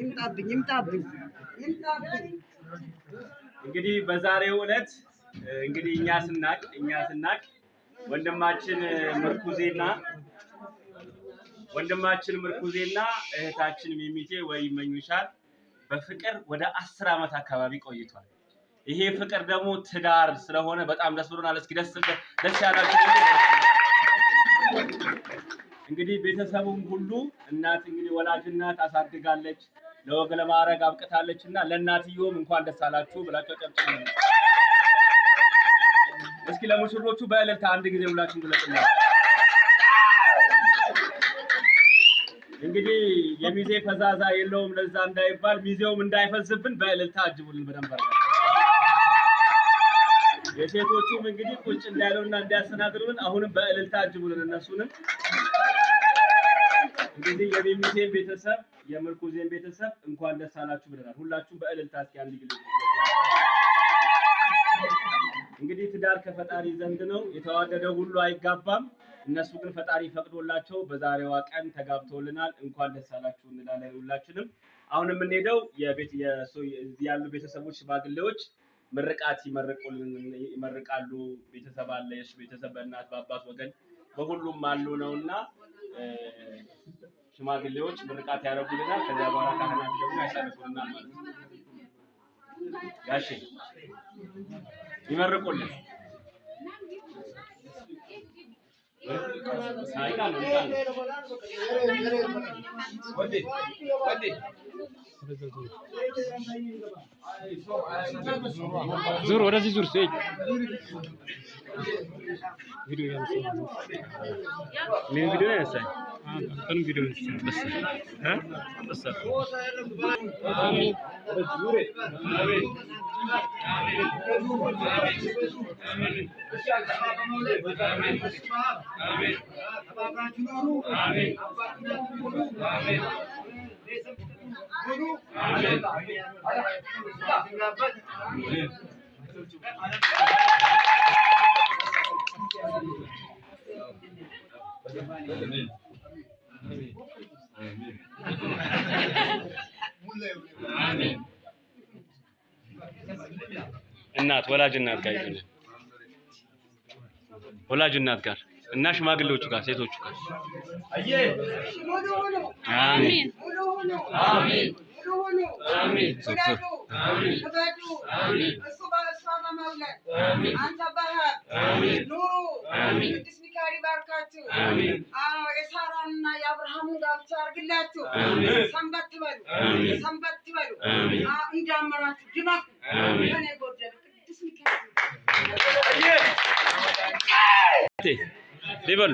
ይምጣብኝ ይምጣብኝ ይምጣብኝ ይምጣብኝ። እንግዲህ በዛሬው ዕለት እንግዲህ እኛ ስናቅ እኛ ስናቅ ወንድማችን ምርኩዜና ወንድማችን ምርኩዜና እህታችን ሚሚቴ ወይ ይመኙሻል በፍቅር ወደ አስር ዓመት አካባቢ ቆይቷል። ይሄ ፍቅር ደግሞ ትዳር ስለሆነ በጣም ደስ ብሎናል። እስኪ ደስ ደስ ያላችሁ እንግዲህ ቤተሰቡም ሁሉ እናት እንግዲህ ወላጅ እናት አሳድጋለች፣ ለወግ ለማዕረግ አብቅታለች እና ለእናትየውም እንኳን ደስ አላችሁ ብላቸው ጨብጭ። እስኪ ለሙሽሮቹ በእልልታ አንድ ጊዜ ሁላችን ግለጽና እንግዲህ የሚዜ ፈዛዛ የለውም ለዛ እንዳይባል ሚዜውም እንዳይፈዝብን በእልልታ አጅቡልን በደንብ የሴቶቹም እንግዲህ ቁጭ እንዳይለውና እንዳያሰናድሩን አሁንም በእልልታ አጅቡልን እነሱንም እንግዲህ የሚሚዜን ቤተሰብ የምርኩዜን ቤተሰብ እንኳን ደስ አላችሁ ብለናል። ሁላችሁም በእልልታ እስኪ አንድ እንግዲህ ትዳር ከፈጣሪ ዘንድ ነው። የተዋደደ ሁሉ አይጋባም። እነሱ ግን ፈጣሪ ፈቅዶላቸው በዛሬዋ ቀን ተጋብቶልናል። እንኳን ደስ አላችሁ እንላለን ሁላችንም። አሁን የምንሄደው ያሉ ቤተሰቦች ሽማግሌዎች ምርቃት ይመርቃሉ። ቤተሰብ አለ፣ የሱ ቤተሰብ በእናት በአባት ወገን በሁሉም አሉ ነው እና ሽማግሌዎች ምርቃት ያደረጉልናል። ከዚያ በኋላ ካህናት ደግሞ ያሳርፉልናል ማለት ነው። ጋሼ ይመርቁልን ዙር፣ ወደዚህ ዙር። ቪዲዮ ያነሳኝ తను వీడియో వస్తుంది sir Amin. እናት ወላጅ እናት ጋር ወላጅ እናት ጋር እና ሽማግሌዎቹ ጋር ሴቶቹ ጋር አሜን አሜን አሜን አሜን አሜን አሜን ያርግላችሁ። ሰንበት ትበሉ፣ ሰንበት ትበሉ፣ እንዳመራችሁ ድመቱ እኔ ጎደል ቅዱስ ሊበሉ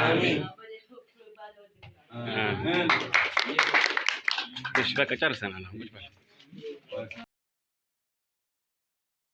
አሜን። कृष्णा कचार सेना ना कुछ